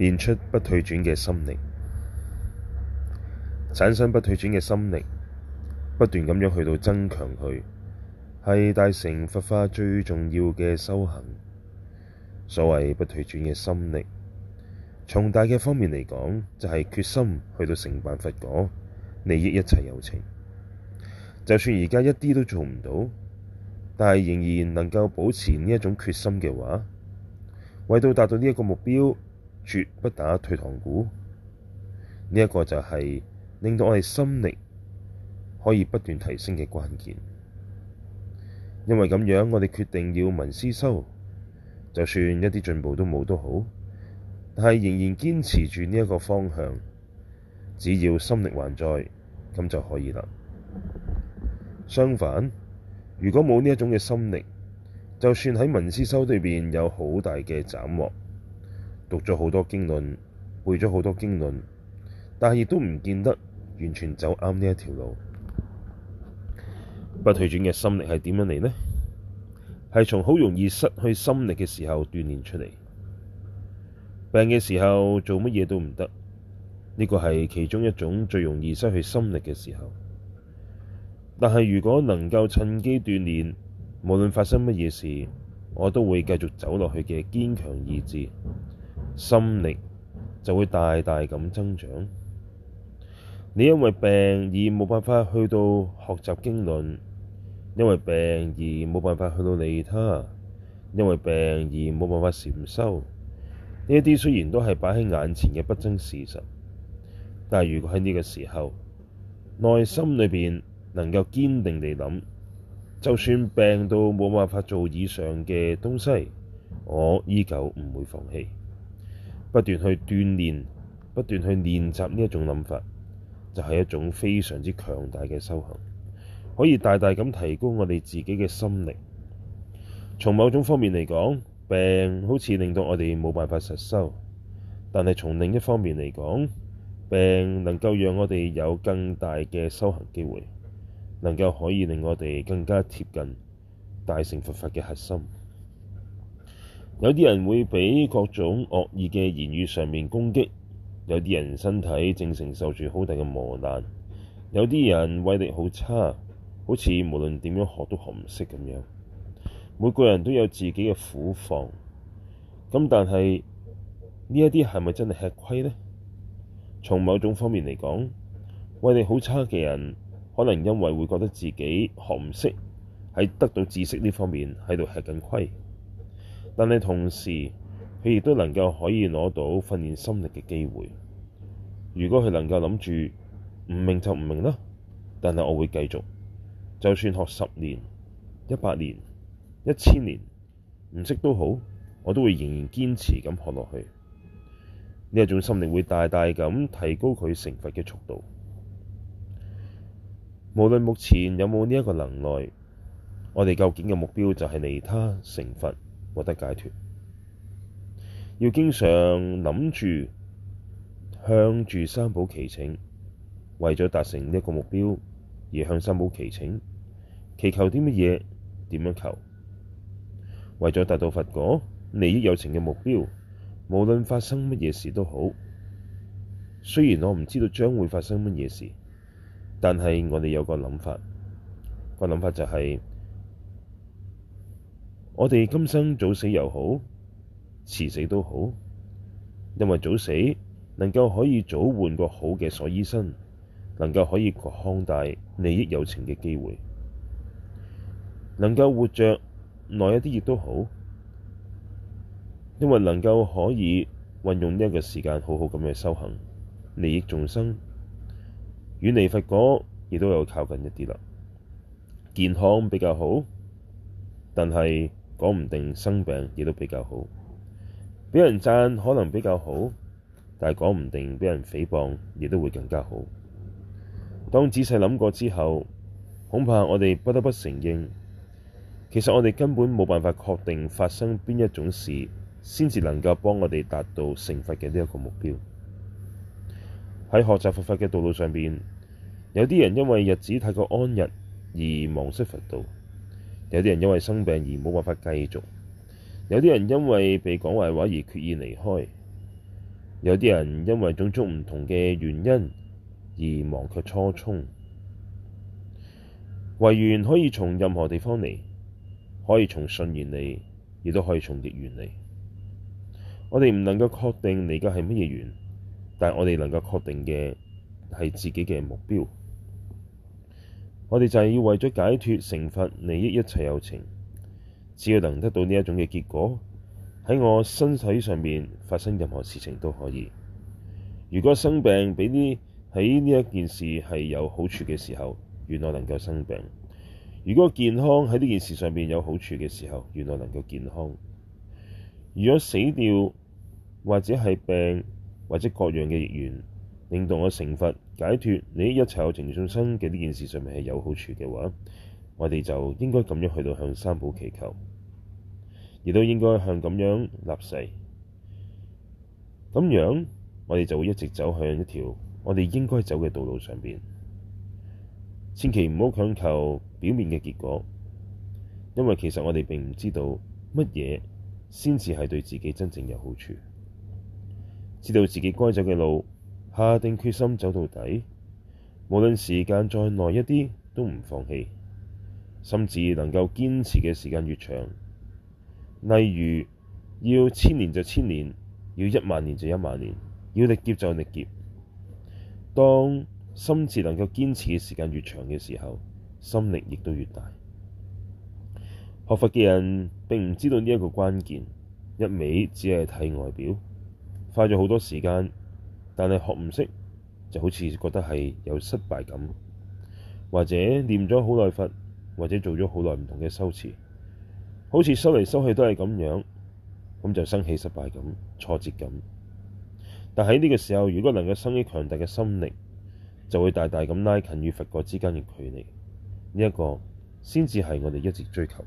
練出不退轉嘅心力，產生不退轉嘅心力，不斷咁樣去到增強佢，係大乘佛法最重要嘅修行。所謂不退轉嘅心力，從大嘅方面嚟講，就係、是、決心去到成辦佛果，利益一切有情。就算而家一啲都做唔到，但係仍然能夠保持呢一種決心嘅話，為到達到呢一個目標。絕不打退堂鼓，呢一個就係令到我哋心力可以不斷提升嘅關鍵。因為咁樣，我哋決定要文思修，就算一啲進步都冇都好，但係仍然堅持住呢一個方向。只要心力還在，咁就可以啦。相反，如果冇呢一種嘅心力，就算喺文思修裏邊有好大嘅斬獲。讀咗好多經論，背咗好多經論，但係亦都唔見得完全走啱呢一條路。不退轉嘅心力係點樣嚟呢？係從好容易失去心力嘅時候鍛煉出嚟。病嘅時候做乜嘢都唔得，呢個係其中一種最容易失去心力嘅時候。但係如果能夠趁機鍛煉，無論發生乜嘢事，我都會繼續走落去嘅堅強意志，心力就會大大咁增長。你因為病而冇辦法去到學習經論，因為病而冇辦法去到利他，因為病而冇辦法禪修。呢一啲雖然都係擺喺眼前嘅不爭事實，但如果喺呢個時候內心裏邊能夠堅定地諗，就算病到冇辦法做以上嘅東西，我依舊唔會放棄。不斷去鍛練，不斷去練習呢一種諗法，就係、是、一種非常之強大嘅修行，可以大大咁提高我哋自己嘅心力。從某種方面嚟講，病好似令到我哋冇辦法實修，但係從另一方面嚟講，病能夠讓我哋有更大嘅修行機會，能夠可以令我哋更加貼近大乘佛法嘅核心。有啲人會畀各種惡意嘅言語上面攻擊，有啲人身體正承受住好大嘅磨難，有啲人威力好差，好似無論點樣學都學唔識咁樣。每個人都有自己嘅苦況，咁但係呢一啲係咪真係吃虧呢？從某種方面嚟講，威力好差嘅人可能因為會覺得自己學唔識喺得到知識呢方面喺度吃緊虧。但係同時，佢亦都能夠可以攞到訓練心力嘅機會。如果佢能夠諗住唔明就唔明啦，但係我會繼續，就算學十年、一百年、一千年唔識都好，我都會仍然堅持咁學落去。呢一種心力會大大咁提高佢成佛嘅速度。無論目前有冇呢一個能耐，我哋究竟嘅目標就係利他成佛。獲得解脫，要經常諗住向住三寶祈請，為咗達成呢一個目標而向三寶祈請，祈求啲乜嘢？點樣求？為咗達到佛果、利益有情嘅目標，無論發生乜嘢事都好。雖然我唔知道將會發生乜嘢事，但係我哋有個諗法，個諗法就係、是。我哋今生早死又好，遲死都好，因為早死能夠可以早換個好嘅所依身，能夠可以擴大利益有情嘅機會，能夠活着耐一啲亦都好，因為能夠可以運用呢一個時間好好咁去修行利益眾生，遠離佛果亦都有靠近一啲啦。健康比較好，但係。講唔定生病亦都比較好，畀人讚可能比較好，但係講唔定畀人誹謗亦都會更加好。當仔細諗過之後，恐怕我哋不得不承認，其實我哋根本冇辦法確定發生邊一種事，先至能夠幫我哋達到成佛嘅呢一個目標。喺學習佛法嘅道路上邊，有啲人因為日子太過安逸而忘失佛道。有啲人因為生病而冇辦法繼續，有啲人因為被講壞話而決意離開，有啲人因為種種唔同嘅原因而忘卻初衷。違緣可以從任何地方嚟，可以從順緣嚟，亦都可以從逆緣嚟。我哋唔能夠確定嚟嘅係乜嘢緣，但係我哋能夠確定嘅係自己嘅目標。我哋就係要為咗解脫、成佛、利益一切有情，只要能得到呢一種嘅結果，喺我身體上面發生任何事情都可以。如果生病畀呢喺呢一件事係有好處嘅時候，原來能夠生病；如果健康喺呢件事上面有好處嘅時候，原來能夠健康；如果死掉或者係病或者各樣嘅厄緣。令到我成佛解脫，你一切有情眾生嘅呢件事上面係有好處嘅話，我哋就應該咁樣去到向三寶祈求，亦都應該向咁樣立誓。咁樣我哋就會一直走向一條我哋應該走嘅道路上邊。千祈唔好強求表面嘅結果，因為其實我哋並唔知道乜嘢先至係對自己真正有好處，知道自己該走嘅路。下定決心走到底，無論時間再耐一啲都唔放棄，甚至能夠堅持嘅時間越長，例如要千年就千年，要一萬年就一萬年，要歷劫就歷劫。當心智能夠堅持嘅時間越長嘅時候，心力亦都越大。學佛嘅人並唔知道呢一個關鍵，一味只係睇外表，花咗好多時間。但係學唔識，就好似覺得係有失敗感，或者念咗好耐佛，或者做咗好耐唔同嘅修持，好似修嚟修去都係咁樣，咁就生起失敗感、挫折感。但喺呢個時候，如果能夠生起強大嘅心力，就會大大咁拉近與佛國之間嘅距離。呢一個先至係我哋一直追求。